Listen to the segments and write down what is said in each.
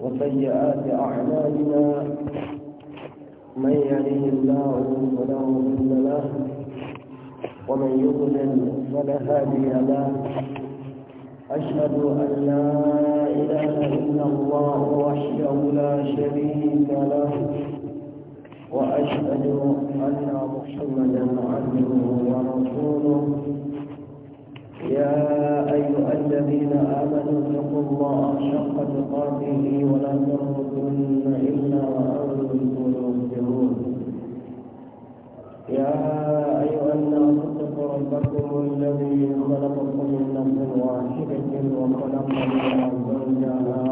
وسيئات أعمالنا من يهده الله فلا مضل له ومن يضلل فلا هادي له أشهد أن لا إله إلا الله وحده لا شريك له وأشهد أن محمدا عبده ورسوله يا أيها الذين آمنوا اتقوا الله شق تقاته ولا تموتن إلا وأنتم مسلمون يا أيها الناس اتقوا ربكم الذي خلقكم من نفس واحدة وخلق منها زوجها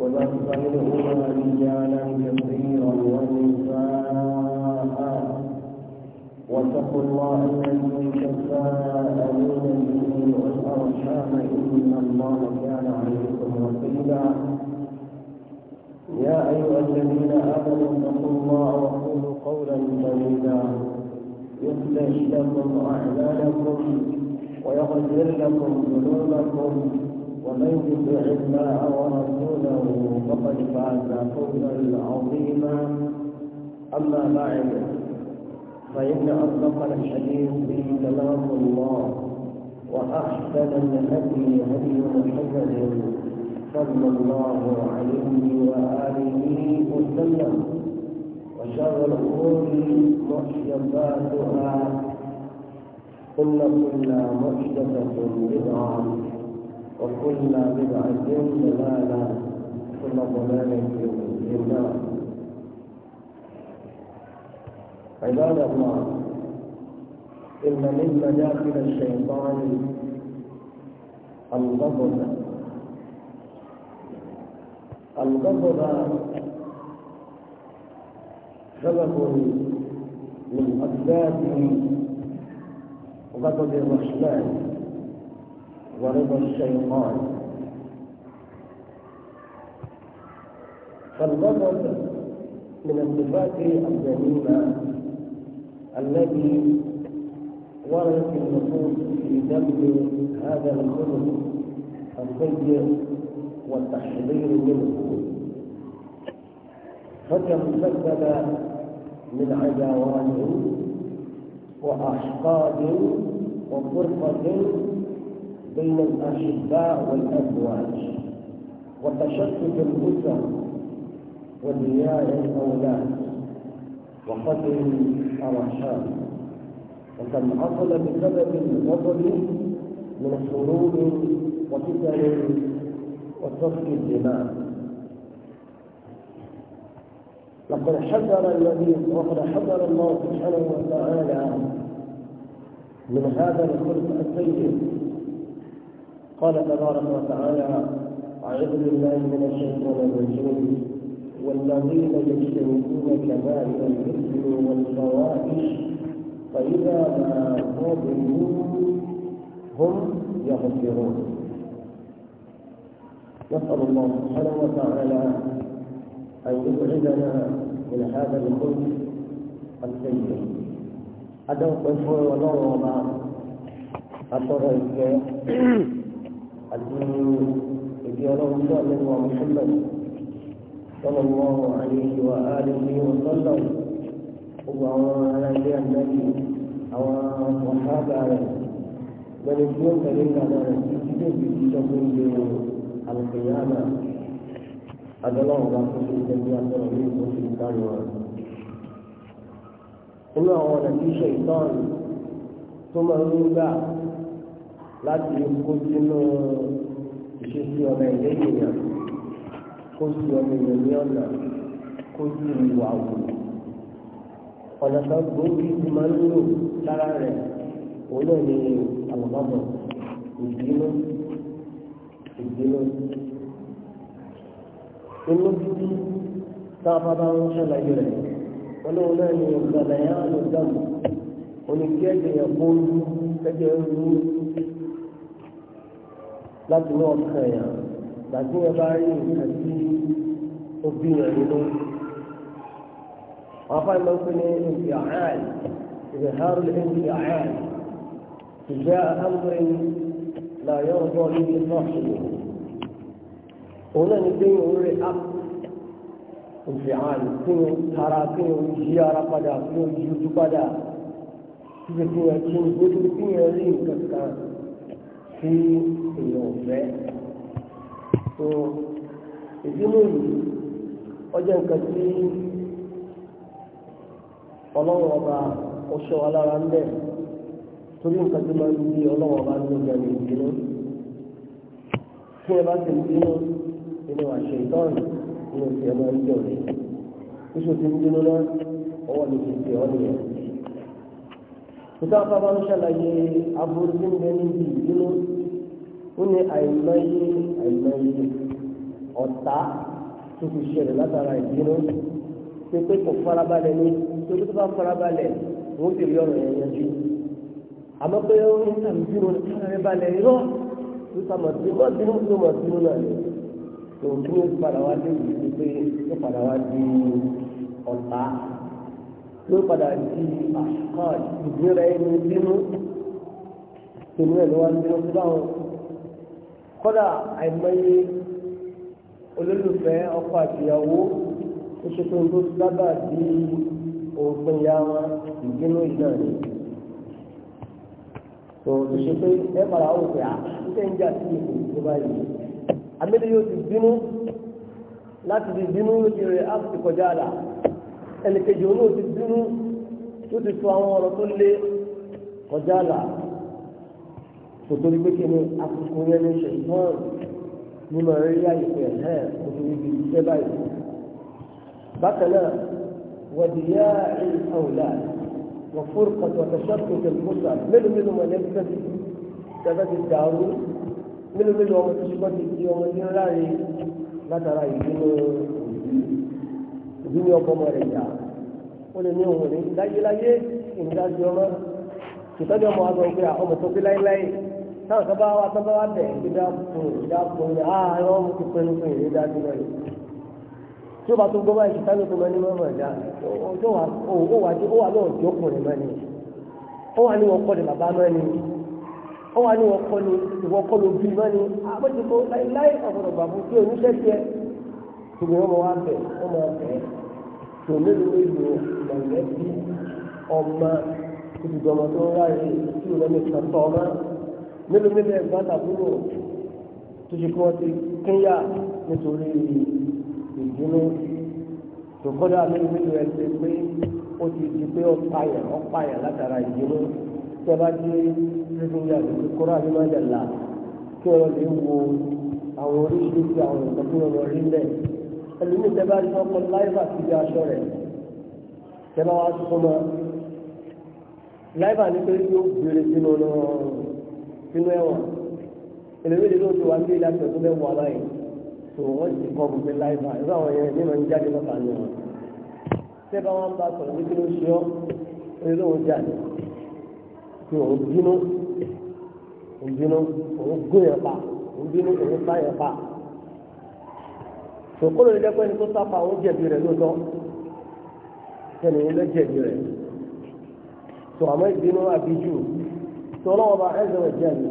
وبث منهما رجالا كثيرا ونساء واتقوا الله الذي امين به والارحام ان الله كان عليكم رقيبا يا ايها الذين امنوا اتقوا الله وقولوا قولا سديدا يصلح لكم اعمالكم ويغفر لكم ذنوبكم ومن يطع الله ورسوله فقد فاز فوزا عظيما اما بعد فإن أصدق الحديث به كلام الله وأحسن الهدي هدي محمد صلى الله عليه وآله وسلم وشر الأمور محدثاتها كل كل محدثة بدعة وكل بدعة ضلالة كل ضلالة في النار عباد الله إن من مداخل الشيطان الغضب الغضب سبب من أسبابه غضب الرحمن ورضا الشيطان فالغضب من الصفات الذميمه الذي ورد النصوص في ذم هذا الخلق السيء والتحذير منه فكم سبب من عداوات وأحقاد وفرقة بين الاشباء والأزواج وتشتت الأسر وديار الأولاد وقدر الأرحام وكم حصل بسبب الغضب من حروب وفتن وسفك الدماء لقد حذر الذي وقد حذر الله سبحانه وتعالى من هذا الخلق السيء قال تبارك وتعالى أعوذ بالله من الشيطان الرجيم والذين يشتركون كبائر الاثم والفواحش فاذا ما غضبوا هم يغفرون نسال الله سبحانه وتعالى ان يبعدنا من هذا الخلق السيء هذا قشور ولو وما أترى الجاه الدين الجاه الله ومحمد صلى الله عليه وآله وسلم وعلى أيدي النبي أو الصحابة عليه بل يكون كريم على نفسه بتكون القيامة هذا الله رسول النبي صلى الله عليه وسلم إنه هو نبي شيطان ثم يوضع láti kó sínú ìṣesí ọmọ ẹ̀dẹ́ ènìyàn kó sí ọmọ èèyàn ní ọ̀nà kó sí ìwà wò ọ̀nà kan gbòógì tí máa ń lò lára rẹ̀ òun náà ni àlùbọ́bọ̀ ìbínú ìbínú inú títí tá a bá bá ń ṣàlàyé rẹ̀ wọ́n lóun náà ni ìgbàlẹ̀ yẹn á lò dáàbò oníkẹ́ẹ̀dẹ̀ yẹn kó lú ẹgbẹ́ rú láti náà kàn yàn gbàgbé ẹ bá rí nǹkan tí ó bí yẹn nínú. àwọn afáàlì máa ń pè ní ìfì àhán ìfì àhán lè ń fi àhán ìjẹ́ àmúrin là yọ̀ bọ́ níbi sọ́ọ̀sì òun náà ní pé òun rẹ̀ á ìfì àhán kí ni tara kí ni yí ara padà kí ni yí ojú padà kí ni kí ni kí ni kí rí nǹkan kan sí èèyàn tó ìbínú yìí ọjọ́ nǹkan tí ọlọ́run ọba oṣù alára ń bẹ̀ torí nǹkan tí máa ń ọlọ́run ọba ní ọjà ní ìbínú tí ẹ bá ti ń bínú nínú àṣẹ ìtọ́nù nínú tí máa ń jọ rẹ̀ oṣù tí ń náà ọwọ́ ni kì í ṣe ọ́ nìyẹn. Nígbà bá ń ṣàlàyé aburú tí ń bẹ níbi ó ní àìmọye àìmọye ọ̀tá tó fi ṣẹlẹ̀ látara ìbínú pé pé kò farabalẹ̀ ní torí tó bá farabalẹ̀ wọ́n ti rí ọ̀rọ̀ yẹn yanjú àmọ́ pé ó ń tàn bínú kára balẹ̀ irọ́ tó sàmọ̀ sí mọ́ bínú tó mọ̀ bínú náà ni tó kí ó padà wá dé ìlú pé ó padà wá di ọ̀tá ló padà di àṣùkọ́ ìdíra ẹni bínú tèmi ẹ̀ ló wá bínú tó báwọn kódà àìmọye olólùfẹ́ ọkọ àtìyàwó ó ṣe pé nǹkan sábà bí òògùn ìyá wọn ìgbínú ìgbà ni tó tó ṣe pé ẹ padà ó pè á ṣe ń jà sí ìkò tó báyìí amédè yóò ti bínú láti ti bínú ló ti rẹ ti kọjá àlà ẹnìkejì òun náà bínú tó ti sọ àwọn ọ̀rọ̀ tó lé kọjá àlà nítorí pé kíni àkókò yẹn ní ṣe náà ní mo rí àyèké ẹ̀ mo fi ibi iṣẹ́ báyìí. bákan náà wàdìyà ìfọ̀wùlà wọ́n fún kàtó àtàṣàkó tẹlifóṣà mélòó mélòó wọn lẹ́nu tẹ́sí tẹ́sí ti dàrú mélòó mélòó ọmọ tuntun bá ti di ọmọ ní láàrin látara ìdúró ìdúró ọkọ ọmọ rẹ̀ jà ó lè ní òun rẹ̀ láyéláyé ìdájọ́ ọmọ ìtọ́jú ọmọ wa sọ pé ah, ọmọ tó pé láéláé táwọn kan bá wá tán bá wá bẹ̀ ẹ́ dákun dákun ní àárọ̀ ah, mo ti pinnu fún ìrírí dájú náà yìí tí ó bá tó gbọ́ báyìí ṣùgbọ́n ní kò mọ ní mọ́mọ́ ẹ̀dá ó wà lọ́wọ́ tí ó kùn rẹ̀ mọ́ni ó wà ní wọ́kọ́ ni bàbá mọ́ni ó wà ní wọ́kọ́ ni ìwọ́kọ́ ló bí mọ́ni àbójútó láìláì ọ̀gbọ̀dọ̀ gbàgbọ́ tí oníṣẹ́ tiẹ̀ ṣùgbọ́n ọmọ wa bẹ̀ ọmọ bẹ̀ tó mélòó mélòó mọ̀lẹ́bí ọmọ kùtùdọ̀mọ̀ tó ń ráyè tí ò lọ́mọ ìtàn tọ́ ọmọ mélòó mélòó ẹ̀gbọ́n tàbúrò tó ṣe kí wọ́n ti kínyà nítorí ìdùnnú tòkọ́dá mélòó mélòó ẹ̀ ṣe pé ó ti di pé ọ̀páyà ọ̀páyà látara ìdùnnú tí a bá dé kíkínyà lórí kọ́rọ́ àbímájàlá kí wọ́n lè wo àwọn oríṣiríṣi àwọn nǹkan tí wọ́n lọ rí lẹ̀ ẹlòmíì tẹ́ bá rí ọkọ̀ láìpà sí ibi aṣọ rẹ̀ tẹ́ bá wá láìpà ní pé yóò gbére sínú náà sínú ẹ̀wọ̀n ẹlẹ́mìlì ló ti wà nílé láti ọdún mẹ́wàá báyìí tó wọ́n ti kọ́ gbogbo láìpẹ́ irú àwọn yẹn ní màá ń jáde lọ́ta ní wọn. tẹ́ bá wọn bá sọ̀rọ̀ nítorí ó ṣe ọ́ ó ló ń jáde tí òun bínú òun bínú òun gún yẹn pa òun bínú òun sá yẹn pa. tòkóló ni dẹ́pẹ́ ni tó sápa òun jẹ̀bi rẹ̀ lóòótọ́ tẹ́lẹ̀ yẹn jẹ̀bi rẹ̀ tó àmọ́ ìbínú àbíjù tọ́lọ́wọ́ bá ẹ̀zẹ̀ wẹ̀ jẹ́ mi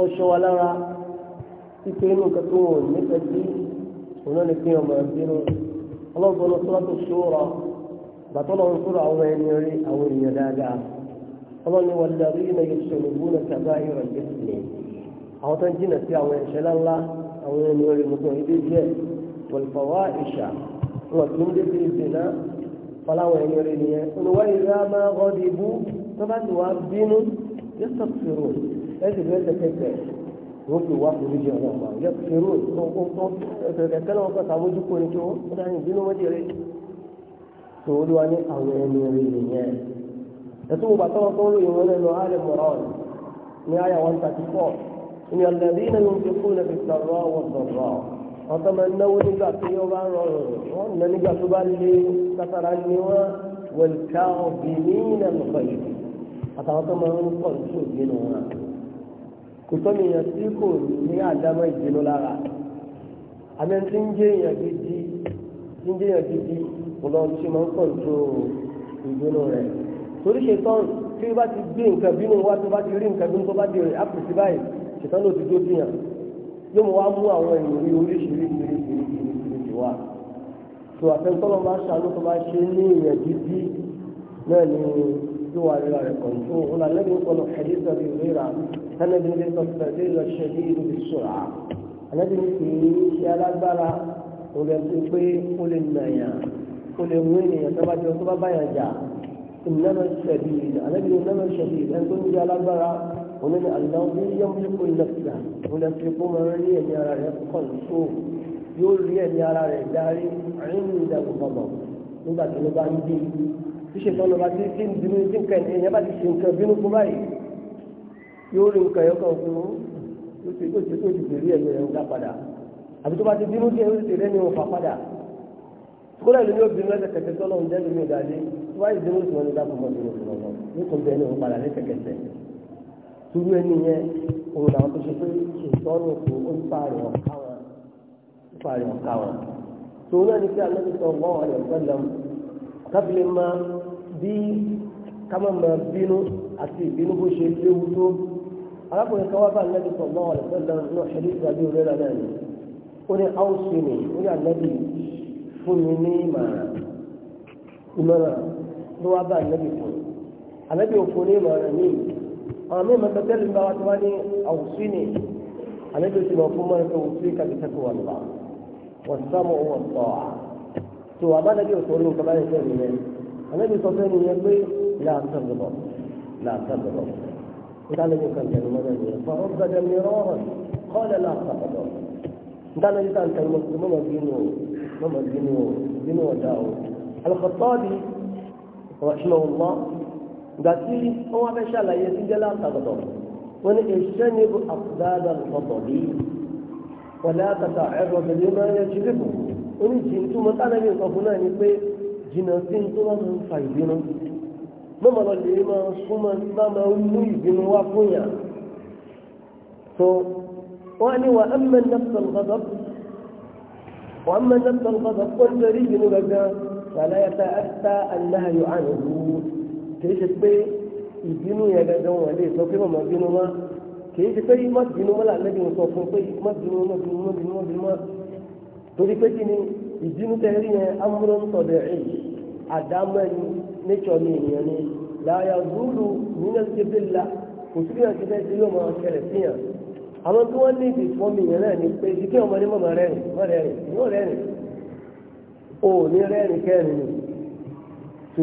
ọṣọ wa lára pípé inú nǹkan tó wọ̀ nífẹ̀ẹ́ sí òun náà ni pé ọmọ ìbínú ọlọ́gbọ́n lọ sọ́lá tó ṣòro bàtọ́ lọ́wọ́ sọ́rọ̀ àwọn ẹni rí àwọn èèyàn dáadáa ọlọ́ni wọn darí iná yóò ṣe òmùgbó náà tàbá ìrọ̀ jẹ́sìlẹ̀ àwọn tó ń jìnà sí àwọn ẹ̀ṣẹ̀ ńláńlá àwọn ẹni rí mọ̀tọ́ ilé díẹ̀ wọ̀lùfọ̀wá ìṣà wọn tún débi ìdènà fọláwọn ẹni rí nìyẹn olùwárí rá máa rọ́ọ̀dì ibú tó bá ti wá bínú yẹ́sọ̀tìrò ẹ̀sìn bí ẹ̀sẹ̀ kẹsẹ̀ wọ́n fi wá forí jẹ ọ̀nà àwọn yẹ́sọ̀tìrò tó ń tó ẹ̀sẹ̀ kẹsẹ̀ lọ́wọ́ kọ́ta bójú kó ni tó ó dání ìbínú wọ́n jẹrẹ. tó o lúwa ní àwọn ẹni rí nìyẹn. ẹ̀sùn mo bàtà wọn tó ń ròyìn wọn lẹ́nu alẹ́ mọ̀rán ní àyà one thirty four ní ọ̀lẹ́bí náà ló ń fi kún lẹ́bi sọ̀rọ̀ wọ̀ sọ̀rọ̀ wọ́n tó máa ń náwó nígbà tí ó bá rọrùn wọ́n nà nígbà tó bá lé kátàrà ni wọ́n wọ̀lùkà ọ̀bìnrin náà lọ́kọ̀ yìí àtàwọn tó máa ń pọ̀ sí òbínú wọn kò tọ́ni èèyàn tí kò ní àdámọ́ ìdínú lára àmì tí ń jẹ́ èèyàn gidi tí ń jẹ́ èèyàn gidi ọlọ́run tí máa ń pọ̀ sí ìdínú rẹ̀ torí ṣetán tí ó bá ti gbé nǹkan bínú wá tó bá ti rí nǹkan bínú tó bá ti rí àpòsí báyìí ṣetán ló ti dó sí yàn yóò mú wá mú àwọn ìròyìn oríṣiríṣi oríṣiríṣi wá tó àfẹ́ńtọ́lọ́ máa ṣàánú tó bá ṣe ní èèyàn gidi náà ni يوعى إليكم هنا الذي يقول حديث أبي هريرة سند للمستدل الشديد بالسرعة الذي في شارع بلا ولنتقي ولنيا ولنوين يتبعد يطلب بيجا إنما الشديد الذي إنما الشديد أن تكون شارع بلا ومن الذي يملك نفسه ولنتقي من يرى يقل سوء يرى يرى داري عند الغضب nígbà tí ló bá ń bí ṣíṣe tọ́lọ́ bá ti ti ń bínú tí nǹkan ẹ̀yẹ yẹn bá ti ṣe nǹkan bínú fún báyìí yóò rí nǹkan ẹ̀yọ́ kan fún yóò ṣe yóò ṣe tó ti bèrè ẹ̀yọ ẹ̀yọ dá padà àbí tó bá ti bínú díẹ̀ yóò ti rẹ́ ní wọn fà padà kódà ló ní obìnrin lẹ́sẹ̀ kẹsẹ̀ tọ́lọ́ ń jẹ́ lómi ìdálé tó bá yìí bínú sùn ní dákùn mọ́ bínú sùn lọ́wọ́ ní kò bẹ́ẹ̀ ní wọn padà lẹ́sẹ̀ kẹsẹ̀ turu ẹni yẹn òun làwọn tó ṣe pé ìtọ́nù kò ó ń pààrọ̀ ọ̀ká wọn ń pààrọ̀ ọ̀ká wọn tòun náà ní kí alẹ́ ti sọ ọgbọ́n ọ̀rẹ́ ọ̀gbọ́n lọ́mù kábílẹ̀ máa bí kámẹ́mẹ́ bínú àti ìbínú bó ṣe léwu tó arákùnrin kan wá bá nẹ́bí sọ̀gbọ́n ọ̀rẹ́ pẹ̀lú náà ṣẹlí ìgbàgbé òré rẹ̀ náà ni ó ní áwùsì ni ó ní ànẹ́bí fún mi ní ìmọ̀ràn ìmọ̀ràn ló wá bá nẹ́bí fún ànẹ́bí òfin ní ìmọ̀ràn ní àwọn mímọ tẹ́tẹ́lì ń bá wá tó wá ní áwùsì ni ànẹ́bí ó ti lọ fún mọ́ra tó wùsí kàkítẹ́kọ̀ àlejò sọ fẹ́ nìyẹn pé làásán bọ̀ làásán bọ̀ ìdálejò kan tẹnu mọ́lẹ̀ nìyẹn fún ọ gbẹdẹ mi rọrùn kọ́lẹ̀ làásán bọ̀ ìdálejò kan tẹnu mọ́lẹ̀ bínú mọ́lẹ̀ bínú bínú ọ̀dà o alùpàtọ́ọ̀dì rọ̀ṣùnà ọ̀gbọ́n gbàtí wọn fẹ́ ṣàlàyé síjẹ́ làásán bọ̀ wọ́n ní ìṣẹ́nibu àkùdádà lọ́tọ̀ bí wọ́n lẹ́ jìnnà sí ní tó bá máa ń fa ìbínú mọ́mọ́ lọ lè máa súnmọ́ tí bá máa ń mú ìbínú wá fún yà tó wọ́n ní wà ẹ̀mẹ́ nẹ́fẹ̀ẹ́ lọ́dọ̀ wà ẹ̀mẹ́ nẹ́fẹ̀ẹ́ lọ́dọ̀ kó ń tẹ̀rí ìbínú gàgà wàlá yà tá àtà aláhàyò àná kìí ṣe pé ìbínú yẹn gàgà wọn lè sọ pé mọ̀mọ́ bínú wá kìí ṣe pé má bínú wọ́n làlẹ́bí sọ fún pé má bínú má bínú má bínú má bínú má torí pé kí ni ìbínú tẹ̀rí yẹn amúrò ń tọ̀ bẹ̀rẹ̀ àdámọ́ ẹni níṣọ́ ni ènìyàn ni láyà zúlù nínú sébìlà kò sí bí wọn ti fẹ́ sí yóò máa ṣẹlẹ̀ sí yàn àwọn tí wọ́n ní ìdí fún mi yẹn náà ni pé ìdí kí ọmọ ní mọ̀mọ́ rẹ̀ rìn mọ̀ rẹ̀ rìn yóò rẹ̀ rìn o ní rẹ̀ rìn kẹrin ni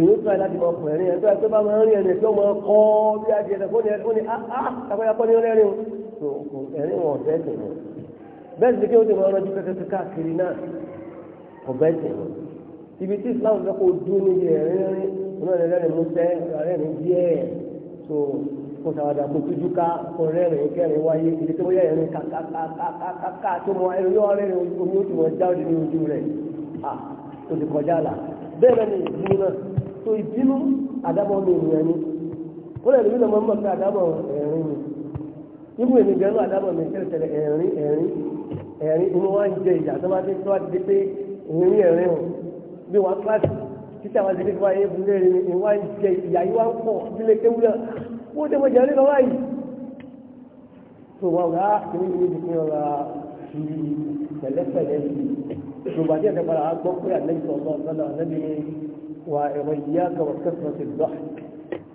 tòyún tó aláàbí máa pọ̀ ẹ̀rín ẹ̀dọ́ ẹ̀tọ́ bá máa ń rìn ẹ̀rìn tó máa kọ́ bí a jẹ̀dẹ̀ fún ẹ̀rín ní áá àpẹyàpọ̀ ní rẹ̀ rìn o ẹ̀rín wọn ọ̀bẹ tẹ̀ wọn bẹ́ẹ̀ sì kí ó ti máa rọjú kẹ́kẹ́ káàkiri náà ọ̀bẹ tẹ̀ wọn ibi tí islam fẹ́ kó dún níbi ẹ̀rín rín iná rẹ̀ rẹ̀ mú sẹ́ rẹ̀ rẹ̀ díẹ̀ tó kó sàwádà kó tójú ká kó rẹ́rìn kẹrin wáyé ibi tó yẹ ẹ̀rín kàkàkàkà tó mọ ẹ̀rín yóò rẹ́rìn omi ó ti mọ jáde ní ojú rẹ̀ à ó ti kọjá là bẹ́ẹ̀ bẹ́ẹ̀ ni ìbínú náà tó ìbínú àdámọ́ mi ènìyàn ni ó lẹ́nu bí lọ́mọ mọ̀ pé àdámọ́ ẹ̀rín ni ibú èmi gẹ́nu àdámọ́ mi tẹ́lẹ̀tẹ́lẹ̀ ẹ̀rín ẹ̀rín ẹ̀rín inú wa ń bí wọn kíláàsì títí àwọn àdìgbò wáyé ìbúlé rẹ ni wọn jẹ ìyá yìí wọn pọ̀ nílé kéwú náà wọn tẹ mọ jẹrìí lọ́wọ́ yìí tó wọn rà kíní ní ibi kí wọn rà fi pẹ̀lẹ́pẹ̀lẹ́ sí i yorùbá díẹ̀ tẹ padà gbọ́ pé àlejò ọgbà ọgbàlà ọlẹbi ni wà ẹ̀rọ ìyá kọwọ kẹsàn ti dọ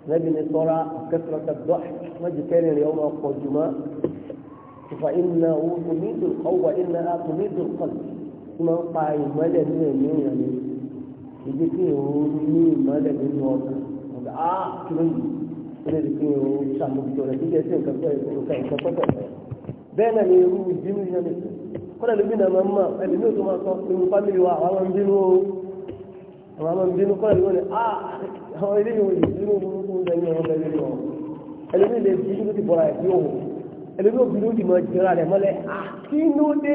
ọlẹbi ni ṣọ́ra kẹsàn ti dọ wọn jẹ kẹrin rẹ ọmọ pọ̀ jùmọ fa iná owó tó ní ìdùn ọwọ́ iná tó ní kọlù tí wọn pa ìmọ́lẹ̀ nínú ẹ̀mí ìrìn àná ibi tí òun ní ìmọ̀lẹ̀ nínú ọdún ọ̀gá á kiri ilé ìdí pé òun ṣàmójútó rẹ̀ kíkẹ́ sí nǹkan pẹ́ nǹkan nǹkan pẹ́pẹ́ rẹ̀ bẹ́ẹ̀ náà ni irú ìbínú yẹn ni kọ́dà lóbi náà máa ń mọ̀ ẹni ní òtún máa sọ irú fámìlì wa àwọn máa ń bínú o àwọn máa ń bínú kọ́dà lóbi náà á àwọn ilé ìwé ìbínú burúkú ń dẹni mọ̀ jẹ́ra rẹ̀ mọ́lẹ̀ kí ló dé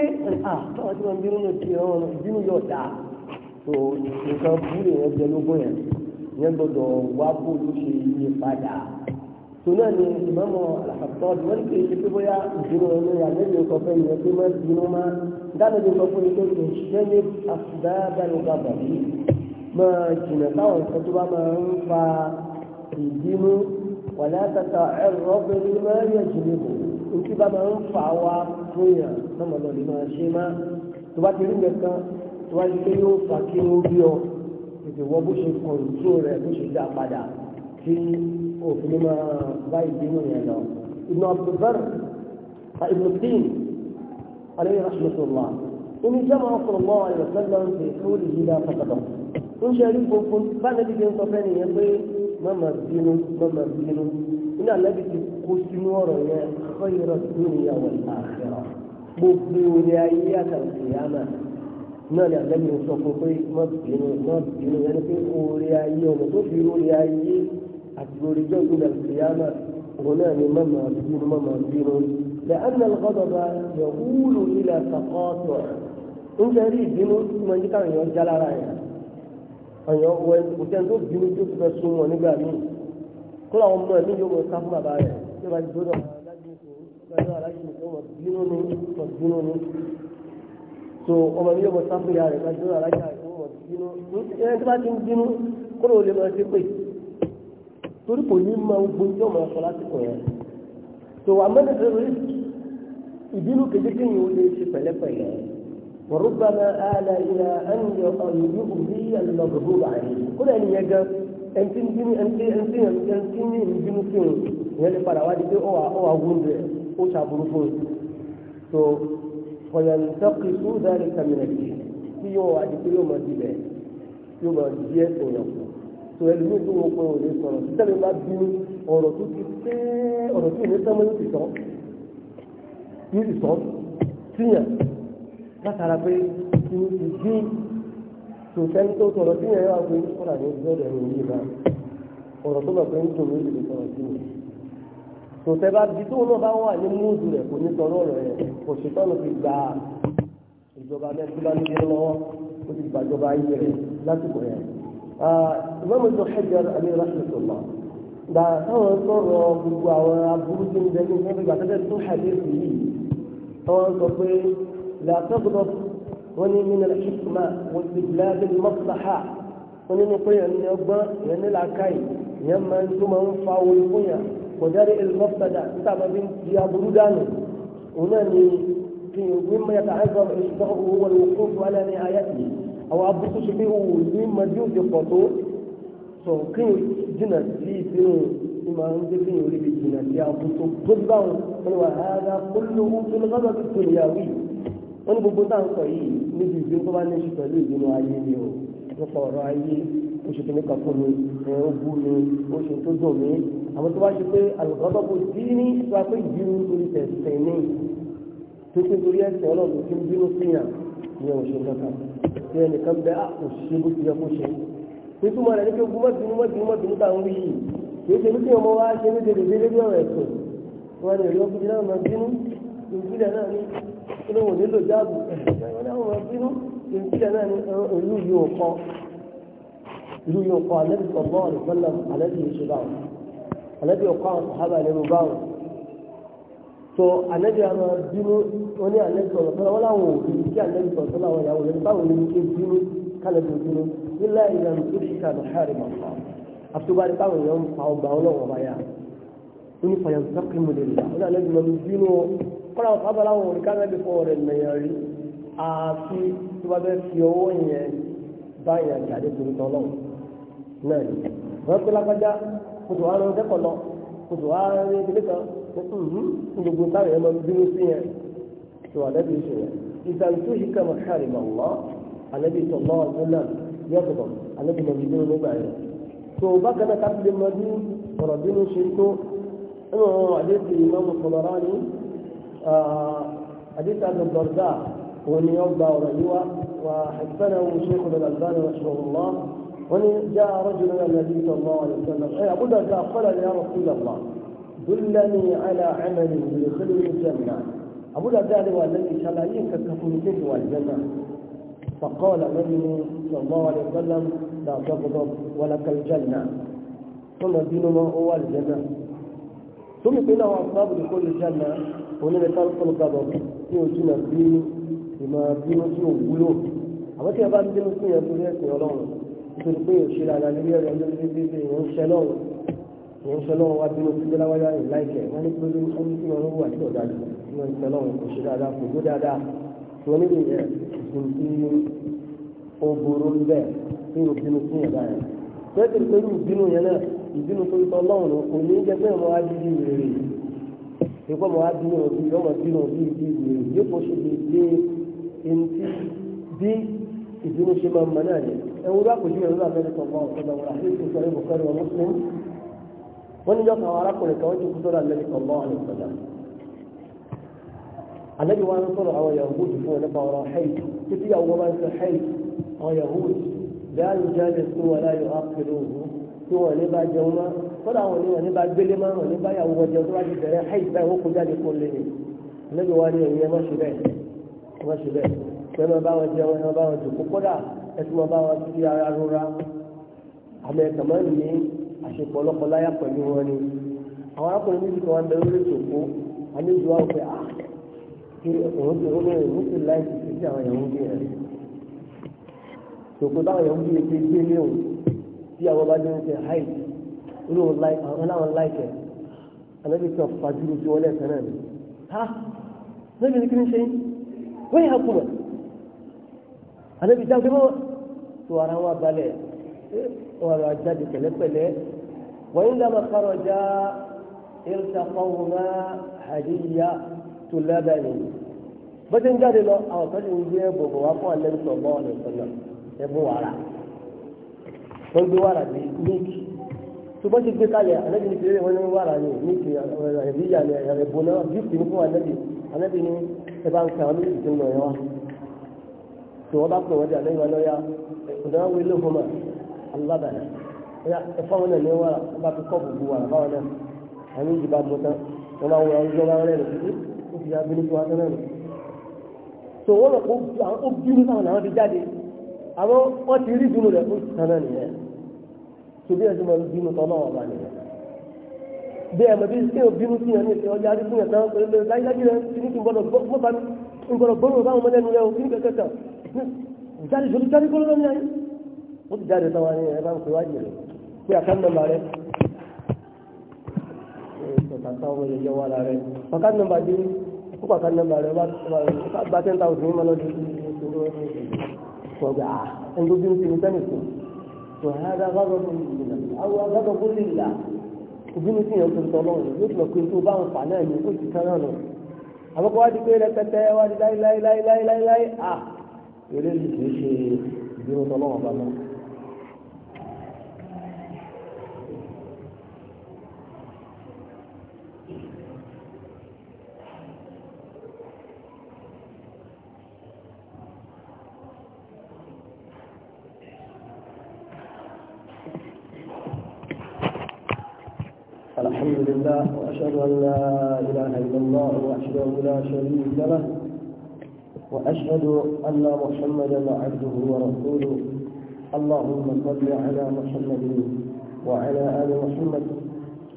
à tọ́wọ́ tí wọ́n bínú ló ti ọ̀run ìbínú yóò dáa so nǹkan búrò yẹn jẹ lógún yẹn yẹn gbọ́dọ̀ wá bó ló ṣe yí padà tó náà ni ìmọ̀mọ́ àlàkàtọ́ ọdún wọ́n ti ṣe pé bóyá ìdúró ẹni àlejò nǹkan fẹ́ yẹn pé máa bínú máa dáná ní nǹkan fún mi pé kò ṣiṣẹ́ ní àfìdáyàbáyọ̀ gbàgbà yìí máa jìnà táwọn nǹkan tó bá máa ń fa ìbínú wàlẹ́ àtàtà ẹ̀rọ pẹ̀lú máa ń yẹ jìnnà bò nǹkan bá máa ń fà wá fún yàn tó wáyé pé yóò fà kí ó rí ọ tètè wọ bó ṣe kọ̀ǹtó rẹ̀ bó ṣe dá padà kí òfin máa bá ìdínú yẹn lọ. Ibn Abdul Barr Ibn Tin alayhi rahmatullah omi jẹ́mọ̀ ọ̀pọ̀lọpọ̀ àyọ̀sẹ́lọ́ ń tẹ̀ tó lè yíra pàtàkì ń ṣe rí gbogbo bá nàbí jẹ́ ń sọ fẹ́ nìyẹn pé mọ́mọ́ bínú mọ́mọ́ bínú iná nàbí ti kó sínú ọ̀rọ̀ yẹn kọ́ ìrọ̀ tó níyàwó gbogbo orí ayé àtàkùn ìyá náà náà ni àlẹ́mi sọ fún pé má bínú má bínú ẹni pé orí ayé ọ̀nà tó fi orí ayé àti orí jọ́gbìn àlùfíàmà òun náà ni má máa bínú má máa bínú. لأن الغضب يقول إلى تقاطع oúnjẹ rí ìbínú tí mo ń jí káwọn èèyàn já lára yẹn èèyàn wọ kò tẹ́ tó bínú tó ti fẹ́ sún wọn nígbà míì kó làwọn ọmọ ẹ̀mí yóò mọ so ọmọ mi yóò mọ sáfìyà rẹ̀ ká dúró alájà ìfowó bínú ẹni tó bá ti ń bínú kúrò lè máa ṣe pé torí kò ní máa gbó tí ọmọ ẹ̀kọ́ lásìkò yẹn so amẹ́nìfẹ́ rí ìbínú kékeré yìí ó lè ṣe pẹ̀lẹ́pẹ̀lẹ́ wọ̀rúgbàmọ́ ààlà ìlà ẹnìyẹ ọ̀yọ́ òbí àlùmọ̀gbọ̀gbọ̀ báyìí kúrò ẹni yẹn gan ẹni tí ń bínú ẹni tí ń bínú ẹni ìyẹn lè padà wá di pé ó wúndẹ̀ ó ṣàbùrú fún un ọ̀yàntọ́kì tó dárí kàmìnàkì tí yóò wá di pé yóò máa di bẹ̀ yóò máa di ẹ̀ sọ̀rọ̀ tó ẹni ní tó wọ́n pé ò lè sọ̀rọ̀ tí sẹ́mi bá bí ọ̀rọ̀ tó ti pé ọ̀rọ̀ tó ní sẹ́mi yóò ti sọ yóò ti sọ síyàn látara pé tí ó ti dí tó sẹ́ni tó sọ̀rọ̀ síyàn yóò wá pé ọ̀rọ̀ àyè ìjọba ẹ̀rọ yìí bá ọ̀rọ̀ tó bá pé ń tò ní ìlú sọ̀rọ̀ síyàn tòtẹ́ bá bí tó náà bá wà ní múùdù rẹ̀ kò ní sọ̀rọ̀ ọ̀rọ̀ yẹn òṣètọ́nù ti gba ìjọba mẹ́tìlá ní ìlú lọ́wọ́ ó ti gbàjọba ayé rẹ̀ lásìkò yẹn. ìmọ̀mù tó ṣẹ́jọ́ àmì rahmatullah gbà táwọn sọ̀rọ̀ gbogbo àwọn aburú tó ń bẹ ní ìfẹ́ gbà tẹ́tẹ́ tó hàdéhùn yìí táwọn sọ pé làtọ́gbọ́dọ̀ wọ́n ní nínú ìṣùkùmá wọ́n ti gbìlẹ́ onínú pé yẹn ní ọgbọ́n yẹn ní làákàyè yẹn máa ń tó máa ń fa orí fún yàn هنا مما يتعذر إشباعه هو الوقوف على نهايته أو أبوك شبيه مما جوز يقطو سو كين جنة لي سنو إما عند كين يريد الجنة يا أبوك تبعه وهذا كله في الغضب الدنيوي wọ́n gbogbo tá à ń sọ yìí níbi ìdí tó bá ní ṣe pẹ̀lú ìdínú ayé ni o nípa ọ̀rọ̀ ayé oṣù tó ní kakó mi ẹ̀rọ bú mi oṣù tó dùn mí àwọn tó bá ṣe pé àlùkò ọ̀dọ́ kò sí ní ìtura pé ìdí ní orí tẹ̀sán ní tó kí torí ẹ̀sẹ̀ ọlọ́run tí ń bínú síyàn ní ọ̀ṣẹ́ kankan tí ẹnìkan bẹ àkùnṣe ah, bó ti yẹ kó ṣe nítumọ̀ rẹ̀ ní pé ogun mọ́tìmú mọ́tìmú mọ́tìmú tá ń rí yìí kì í ṣe bí kí ọmọ wa ṣe ní dèdè délé bí ọ̀rọ̀ ẹ̀sùn wọn ni ìlú ọkùnrin náà máa bínú ìpínlẹ̀ náà ní kí ló wò nílò jáàbù ẹ̀ẹ́dẹ́gbẹ̀rún náà máa bínú ìpínlẹ̀ náà ní ìlú yóò kọ́ tó àlejò àwọn bínú wọn ní àlejò ọ̀rọ̀ tó wọn láwọn òbí kí àlejò ọ̀rọ̀ tó láwọn ìyàwó lẹ́nu báwo ni ké bínú kálẹ̀dọ̀ bínú nílá ìlànà tó fi kà lọ́hàrì mà fà àtúbárí báwọn èèyàn ń pa ọgbà ọlọ́wọ́ bá yà ní fàyà sọ́kì mu lèlá wọn àlejò máa ń bínú kọ́ra wọn sábà láwọn òní káná lè fọ ọ̀rẹ́ nàyà rí àti tó bá fẹ́ fi owó yẹn bá yàn jáde torí Mhm. gbogbo táwọn yẹn máa ń bínú sí yẹn tó ànábì ṣe yẹn ìdàntó yìí kà máa ṣàrì mà wá ànábì tó lọ́wọ́ àdúrà yọ̀tọ̀ ànábì máa bínú nígbà yẹn tó bákan náà ká tilẹ̀ máa bí ọ̀rọ̀ bínú ṣe tó ẹnu àdéhùn ìmáàmù sọ̀rọ̀ ní àdéhùn àdọ̀dọ̀dà òun ni ọgbà ọ̀rọ̀ yìí wá wà àìsàn وني جاء رجل النبي صلى الله عليه وسلم اي ابو الدرداء قال يا رسول الله dullani ala amali yudkhiluni janna abu darda ni wa nabi ṣàlàyé kankan fún mi kéde wà janna faqala nabi sallallahu alaihi wasallam la taghdab wa lakal janna tuma binu ma o wà janna tumi binu wa sabu di kulli janna oni le tan kul gado tí ó jìnnà binu ìmọ̀ binu tí ó wúlò àwọn tí a bá ń bínú sí ẹ̀ torí ẹ̀sìn ọlọ́run nítorí pé òṣèlú àlàyé rẹ̀ lórí bíbí ìrìn ń ṣẹlọ́run ní ń sọlọ́wọ́ wá bínú sí gbẹ́láwáyá rẹ̀ láìpẹ́ wọ́n ní pé ọdún tí wọ́n wà ní ọ̀dà jù wọ́n ń sọlọ́wọ́ kò ṣe dáadáa kò gbó dáadáa wọ́n ní ìyẹn kò sí ó burú bẹ́ẹ̀ tí ó bínú sí ẹ̀dá rẹ̀ pẹ́ẹ́tì pẹ̀lú ìbínú yẹn náà ìbínú tó sọ lọ́rùn kò ní jẹ́ pé ọmọ wa di bí wèrè ìkọ́ ọmọ wa bínú òbí ọmọ bínú òbí bí wèrè yóò kó ṣe lè dé ẹni bí ìbínú ṣe máa ń náà ni ẹ̀wọ́n wọ́n níjọ́ kan àwọn arákùnrin kan wọ́n ti kú sọ́dọ̀ àlẹ́bí kan bọ́ àwọn ìpàdà àlẹ́bí wa ń sọ̀rọ̀ àwọn yahood fún wọn nípa ọ̀rọ̀ haid títí àwọn ọmọ ẹ̀sìn haid àwọn yahood bẹ́ẹ̀ ló jẹ́ ẹni tó wọn láyọ̀ ápẹ́lú òhun tí wọn ní bá jẹun mọ́ kódà wọn ní ní bá gbélé mọ́ wọn ní bá yàwó jẹun tó bá ti bẹ̀rẹ̀ haid báyìí wọ́n kó jáde kó lé ni àlẹ́bí wa ní ẹ̀yin ẹ àṣepọ̀ lọ́kọláya pẹ̀lú wọn ni àwọn arákùnrin méjì kan wá ń bẹ lórí ìṣòkó àlejò àwọn pé ah kí òun ti ó bẹ̀rẹ̀ òun ti láì sí sí àwọn èèyàn ń gbé rẹ̀ ìṣòkó táwọn èèyàn ń gbé ti gbé léwu tí àwọn bá dé ṣe háì olóhùn láwọn láì àlejò tí wọn tí wọn lẹ́sẹ̀ náà ni ha lẹ́bi ní kí ni ṣe wọ́n yà kú mọ̀ àlejò tí wọn fi mọ́ ọ̀rọ̀ àjáde pẹ̀lẹ́pẹ̀lẹ́ wọ́n yín lọ́mọ kárọ̀já ìrìsàkọ́wọ́nà àdìyà tó lábẹ́ni bó ti ń jáde lọ àwọn kan ti ń gbé bòbò wá fún alẹ́ nítorí ọ̀nà ẹ̀bùn wàrà wọ́n gbé wàrà tó bó ti gbé kalẹ̀ alẹ́bí اللبن فونا نورا ما في كوب بوانا فونا هنيجي بعد متى وما هو يجوا على نفسه وفي بنت واحدة نفسه so wọ́n lọ kó ó bínú sáwọn làwọn fi jáde àwọn wọ́n ti rí ìdúró rẹ̀ fún ìtàn ni? nìyẹn so bí ẹ̀sìn máa ń bínú tọ́ náà wà bá nìyẹn bí ẹ̀mọ̀ bí ṣé o bínú sí yẹn ní ìṣe ọjà àdúgbò yẹn tán pẹ̀lú pẹ̀lú láyéjájú rẹ̀ ti ní kí n gbọ́dọ̀ gbọ́ bá mi n gbọ́dọ̀ gbọ́dọ̀ báwọn ọmọdé nu rẹ̀ o kí n kẹ̀kẹ́ tán jáde sórí jáde kọ́ lọ́nà ní ó ti jáde tán wá ní ẹ bá ń pè wá jèrè pé àkànnà nọ́mbà rẹ ọ̀tàtà ọmọ ìyẹ̀yẹ wà lára rẹ ọ̀kà nọ́mbà dé ó pàkà nọ́mbà rẹ bá gba ten thousand mọ́ lọ́dún ìṣòro ọgbà ẹni tó bí ń sinmi sẹ́nì fún wà á dá gbàgbọ́ fún ìlà àwọn agbàgbọ́ fún ìlà òbí mi sì yàn tó tọ́ lọ́wọ́ yóò tún ọkùnrin tó bá ń fà náà ní ó ti kán náà lọ àwọn kan wá di pé rẹpẹtẹ wá di láíláíláíláíláí à eré yìí kì í ṣe ìdí ọtọ lọ́wọ́ bá náà. الحمد لله وأشهد أن لا إله إلا الله وحده لا شريك له وأشهد أن محمدا عبده ورسوله اللهم صل على محمد وعلى آل محمد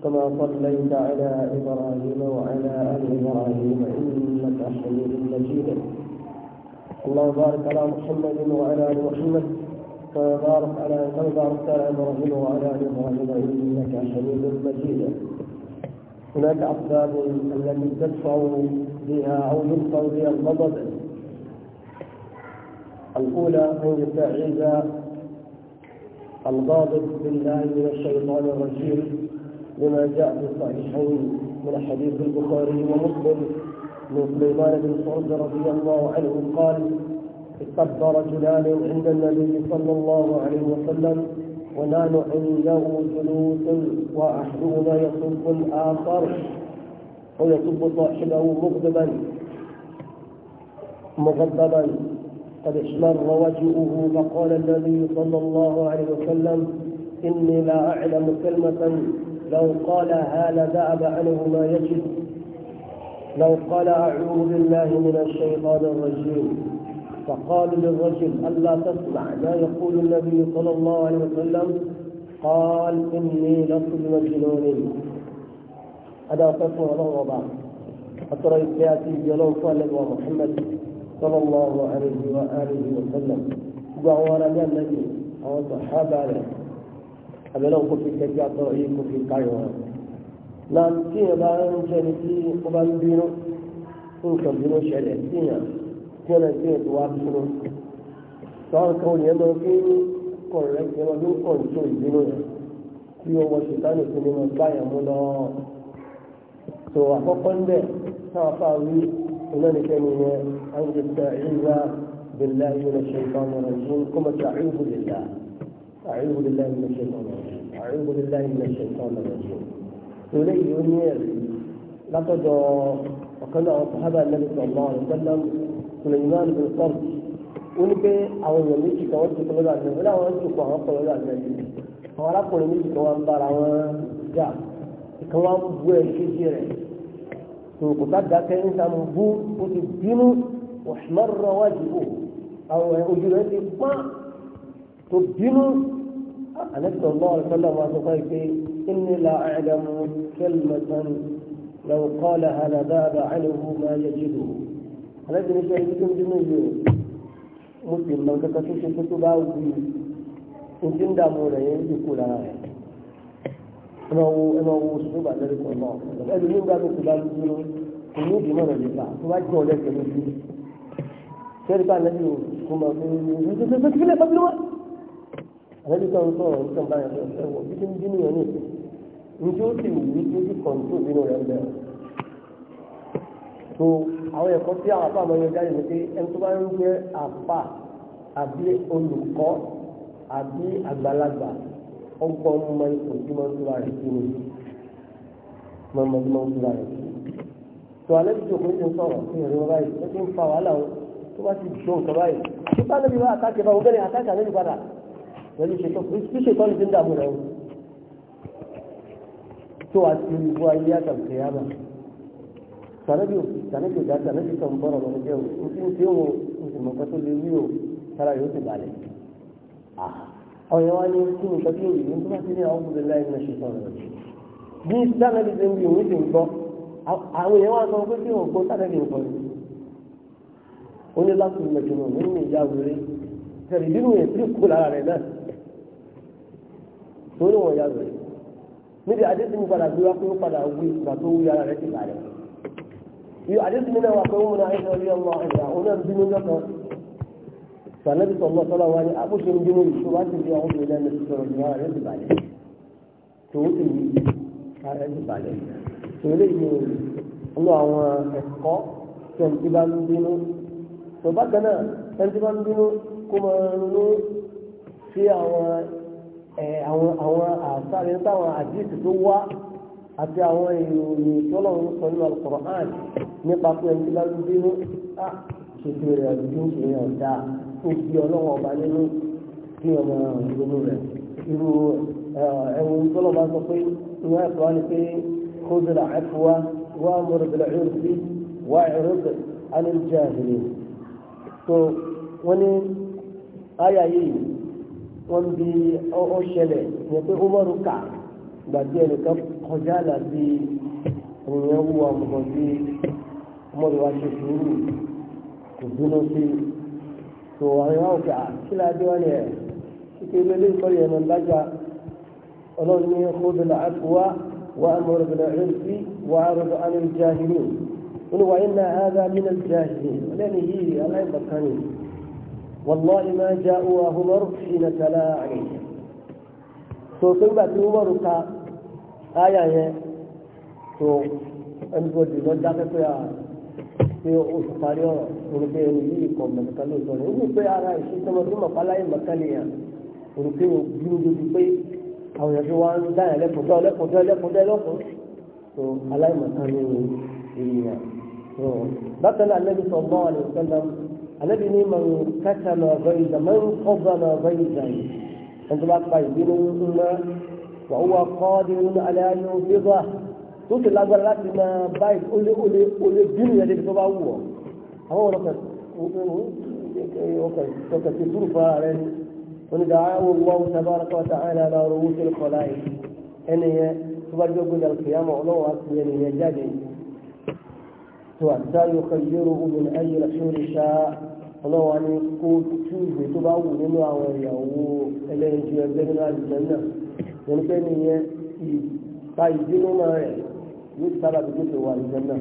كما صليت على إبراهيم وعلى آل إبراهيم إنك حميد مجيد اللهم بارك على محمد وعلى آل محمد فبارك على كما باركت على ابراهيم وعلى ال ابراهيم انك حميد مجيد هناك اسباب التي تدفع بها او يدفع بها الغضب الاولى ان يستعيذ الغاضب بالله من الشيطان الرجيم لما جاء في الصحيحين من حديث البخاري ومسلم من سليمان بن صعود رضي الله عنه قال صب رجلان عند النبي صلى الله عليه وسلم ونال عنده جلوس واحدهما يصب الاخر يصب صاحبه مغضبا مغضبا قد اشمر وجهه فقال النبي صلى الله عليه وسلم اني لا اعلم كلمه لو قالها لذهب عنه ما يجد لو قال اعوذ بالله من الشيطان الرجيم فقال للرجل ألا تسمع؟ ما يقول النبي صلى الله عليه وسلم قال إني لست بمجنون هذا قصة الله وضع أترى السياسي جلو صلى محمد صلى الله عليه وآله وسلم وعوانا من النبي أو صحابة عليه أما لو كنت كجاء طريق في قيوة لأن كي بقى أنجل في قبل بينه كنت بينه شعر ọ̀nà tí ètò wa dúró sọ́wọ́n kan òní ẹ̀mọ́ kí kọ̀rẹ́ kí ẹ̀mọ́ ló ń kọ̀ tó ìbínú rẹ̀ tí ọmọ ṣètánì tó ní mọ̀ báyà mú lọ. tó àkọ́kọ́ ń bẹ̀ táwọn fáà wí ìmọ̀nìkẹ́ni yẹn àwọn ìjọba ìlúwa bẹ̀lá ìmọ̀nà ṣèǹkan ọ̀rọ̀ yìí kó mọ̀ sí àìwù lìlá àìwù lìlá ìmọ̀nà ṣèǹkan ọ̀rọ̀ Suleiman bin Sọ́ọ̀tì ó ní pé àwọn èèyàn méjì kan wọ́n ti kọ́ lọ́dọ̀ àgbẹ̀ wọ́n láwọn ń dùnkọ́ àwọn kọ́ lọ́dọ̀ àgbẹ̀ yìí àwọn arákùnrin méjì kan wá ń bára wọn jà ìkan wá ń bú ẹ kéjì rẹ̀ kò bá dákẹ́ ń sàmù bú ó ti bínú ọ̀ṣmọ́rọ̀ wájú o àwọn ojú rẹ̀ ti pọ́n tó bínú àlẹ́sọ̀ lọ́wọ́ sọ́lọ́ wa sọ fún ìpè inni la a'lamu kalimatan law qala hàlàdà àbà àlùhù máa yẹ jìdù alábìnrin ṣe ibi tó ń dúró yìí o mo sì mọ kankan tó ṣe pé tó bá wù mí o ti ń dààmú rẹ̀ yẹn lè kó lára rẹ̀ ẹ máa wo ẹ máa wo oṣù tó bá lórí kan náà ẹni ní ìgbà tó ti bá dúró kò ní ìdí mọ̀nà nípa tó bá jẹ́ ọ̀lẹ́sẹ̀ lójú sẹ́rí bá lẹ́yìn o kò máa fi ní ṣe ṣe kílẹ̀ bá lọ́wọ́ àlejò tó sọ̀rọ̀ nítorí báyìí ẹ̀ wọ̀ bí ti ń dín so àwọn ẹ̀kọ́ tí àwọn àfáà mọ̀yọ́ jáde ní pé ẹni tó bá ń jẹ́ àfà àbí olùkọ́ àbí àgbàlagbà ọgbọ́n mọ ipò tí wọ́n ń tura rẹ̀ sí ni mọ mọ tí wọ́n ń tura rẹ̀ sí. tó alẹ́ bí jòkó ti ń sọ̀rọ̀ sí ìrìn wọn báyìí wọ́n ti ń fa wàhálà wọn tó bá ti jó nǹkan báyìí tó bá àtàkì bá wọn bẹ́ẹ̀ ni àtàkì àlejò padà pẹ̀lú ìṣètọ́ ní ti ń tànàbí ò tànàbí ò dá tànàbí kan bọ́ra wọn jẹ́ o n ti ń ṣe wọn o sì mọ̀ pẹ́tọ́ lé wí o sára yóò ti balẹ̀. ọ̀yọ́ wa ní kí ni tọ́jú òbí ní tó bá ti ní àwọn ọkùnrin láì ní ṣe sọ̀rọ̀ rẹ̀. bí tànàbí ti ń wí òun ti ń gbọ́ àwọn èèyàn wa sọ pé kí wọ́n gbọ́ tànàbí ń gbọ́ ni. ó ní láti mẹ̀jọ náà nínú ìyá wẹ̀rẹ̀ tẹ̀lé nínú yẹn tí kú lára rẹ̀ náà tó ní wọ́n yá wẹ̀rẹ̀ níbi àdé tí mo padà gbé wá pé padà wí ìgbà tó wí ara rẹ̀ ti bàrẹ̀ àdéhùn náà wà pé wọn náà ẹ̀ṣọ́ ilé ọmọ ẹ̀dá òun náà bínú lọ́kàn sànẹ́bí sọ̀lọ́ sọ́lá wa ní abúṣe ń bínú yìí tó bá ti di ọkùnrin lẹ́nu sọ̀rọ̀ ní ara rẹ̀ ti balẹ̀ tòun sì ní ara ti balẹ̀ tòun lè yí nínú àwọn ẹ̀kọ́ tó bá ń bínú tó bá kan náà bá ń bínú kó máa ronú sí àwọn àwọn àwọn àṣà rẹ̀ táwọn àdéhùn tó wá àti àwọn ìròyìn tọ́lọ́run sọ nínú Al-Qur'an nípa pé ẹni tí bá ń bínú á ṣètò rẹ̀ ọdún ṣe é ọ̀dà kó bí ọlọ́wọ́ ọba nínú kí ọmọ ìrònú rẹ̀ irú ẹ̀wọ̀n tọ́lọ́ bá sọ pé ìwé ẹ̀kọ́ ni pé khudhil 'afwa wa'mur bil-'urfi wa'rid 'anil jahilin tó wọ́n ní àyà yìí wọ́n bí ó ṣẹlẹ̀ ní pé ó mọ̀rù kà gbàgbé ẹnìkan kọjá àlàbí èèyàn wù àmọ̀mọ̀ bí ọmọdé wa ṣe sùúrù kò dúró sí tó àwọn ìwà òkè àkílà ah, adéwálé ẹ̀ títí ilé ìkọlù ẹ̀mọ̀ ń dájà ọlọ́run ní ọkùnrin àkùwá wà àmọ̀rọ̀ bẹ̀rẹ̀ ẹ̀rẹ́sì wà àrùn àmì jáhìrì wọn wà iná ààbà mìíràn jáhìrì ọlẹ́ni yìí aláìmọ̀kánì والله ما جاءوا عمر حين تلا عليه. سوف áyà yẹn tó ẹnubodè lọ dákẹ́ pé à pé oṣù parí ọ̀rọ̀ orúkẹ ẹni yìí kọ̀ mẹ̀mẹ̀ká ló sọ̀rọ̀ ó wù pé ara ìṣe tọmọ tó mọ̀ fáláyé mẹ̀ká nìyà orúkẹ yóò bínú dojú pé àwọn èèyàn fi wá ń dáyà lẹ́kọ̀ọ́dọ́ lẹ́kọ̀ọ́dọ́ lẹ́kọ̀ọ́dọ́ lẹ́kọ̀ọ́ tó aláìmọ̀ká ní ènìyàn. bákan náà alẹ́ bí sọ bọ́ àlè sẹ́lẹ̀ alẹ́ bí ní mọ̀ kẹ́kẹ́ náà bẹ́ẹ̀ وهو قادر على أن ينفضه توت الأقوال لك ما بايد أولي أولي أولي الدنيا اللي بتبقى هو هو رفض وكان في طرفة وندعاه الله تبارك وتعالى على رؤوس الخلائق أن هي تبرجو قد القيامة ولو أصلي أن هي جادي حتى يخيره من أي رسول شاء ولو أن يكون تشوفه تبعو منه أو يعوه إليه يجب أن يجب torí pé nìyẹn ìta ìdínú máa rẹ̀ ní sábà tó tètè wà nìyẹn náà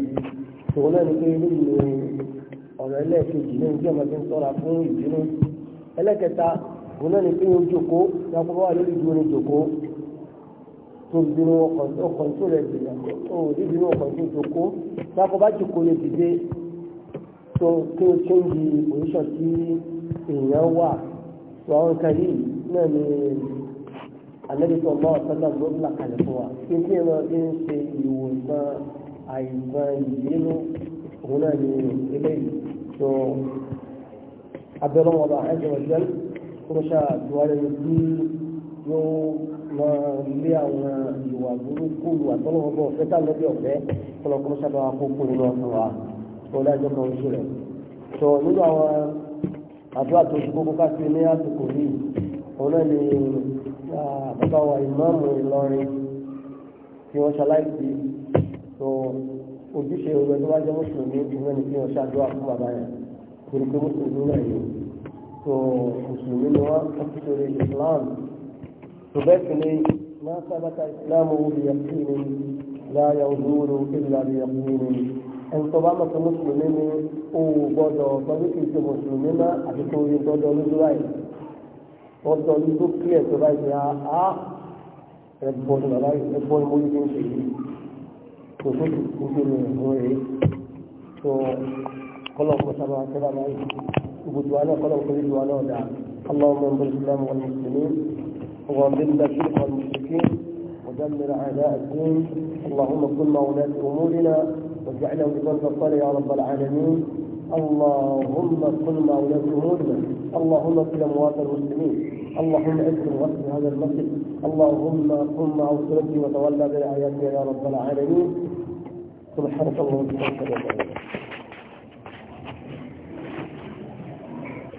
tòun náà ni pé níbi ọ̀rọ̀ ẹlẹ́ẹ̀kejì ní ojú ọmọdé ń tọ́ra fún ìdínú ẹlẹ́kẹta òun náà ni pé ó jòkó lápapọ̀ wà lórí ìdúró ní jòkó tó bínú ọkàn tó rẹ̀ jìnnà ó rí bínú ọkàn tó jòkó lápapọ̀ bá jòkó lè dìde tó kí ó change position tí èèyàn wà tó àwọn nǹkan yìí náà ni àlẹ́bí tó ọmọ ọ̀sán náà ló ń là kalẹ̀ fún wa kí n tíyẹn náà fi ń ṣe ìwòsàn àìsàn ìbínú òun náà ní eléyìí tó abẹ́rẹ́ wọn bá ẹ̀jẹ̀ wọ̀ jẹ́ kúrò ṣáà tiwárí bí yóò máa lé àwọn ìwà burúkú ìwà tọ́lọ́wọ́ bọ̀ fẹ́tà lọ́bí ọ̀fẹ́ kọlọ́kọ́ sábà wà kó nínú ọ̀sán wa tó dájọ́ kan oṣù rẹ̀ tó nínú àwọn àdúrà tó ti kókó ká sí ní àsìkò yìí òun náà ní bàbá wa ìmáàmù Ìlọrin tí wọ́n ṣaláìsí tó ojúṣe ọgbẹ́ tó wájẹ́ mùsùlùmí ìwé ni kí wọ́n ṣàdúrà fún bàbá yẹn torí pé mùsùlùmí náà yìí tó mùsùlùmí ni wọ́n kọ́kítọ̀rọ̀ Islam tó bẹ́ẹ̀ sì ni máa sábàtà Islam wò lè yàtí ni láyà òdúró ìlà lè yàtí ni ẹni tó bá mọ̀tò mùsùlùmí ni ó gbọ́dọ̀ sọ wípé ìṣe mùsùlùmí náà àti tó yẹ gbọ́dọ̀ lójú láì wọ́n sọ ní tó kí ẹ̀ tó bá ṣe á ẹ̀bọ̀ ní bàbá yìí ẹ̀bọ̀ ní wọ́n ti ń ṣe yìí kò tó ti kú sí ní ìwọ̀n rẹ̀ tó kọ́lọ̀kọ́ sábà tẹ́ bàbá yìí gbogbo wa náà kọ́lọ̀kọ́ lójú wa náà dá اللهم انصر الاسلام والمسلمين وانزلنا شرك المشركين ودمر اعداء الدين اللهم كن مولاة امورنا واجعله لمن صالح يا رب العالمين اللهم كن مولاة امورنا اللهم كن اموات المسلمين اللهم اجعل وقت هذا المسجد اللهم قم او وتولى برعايتنا يا رب العالمين سبحانك اللهم وبحمدك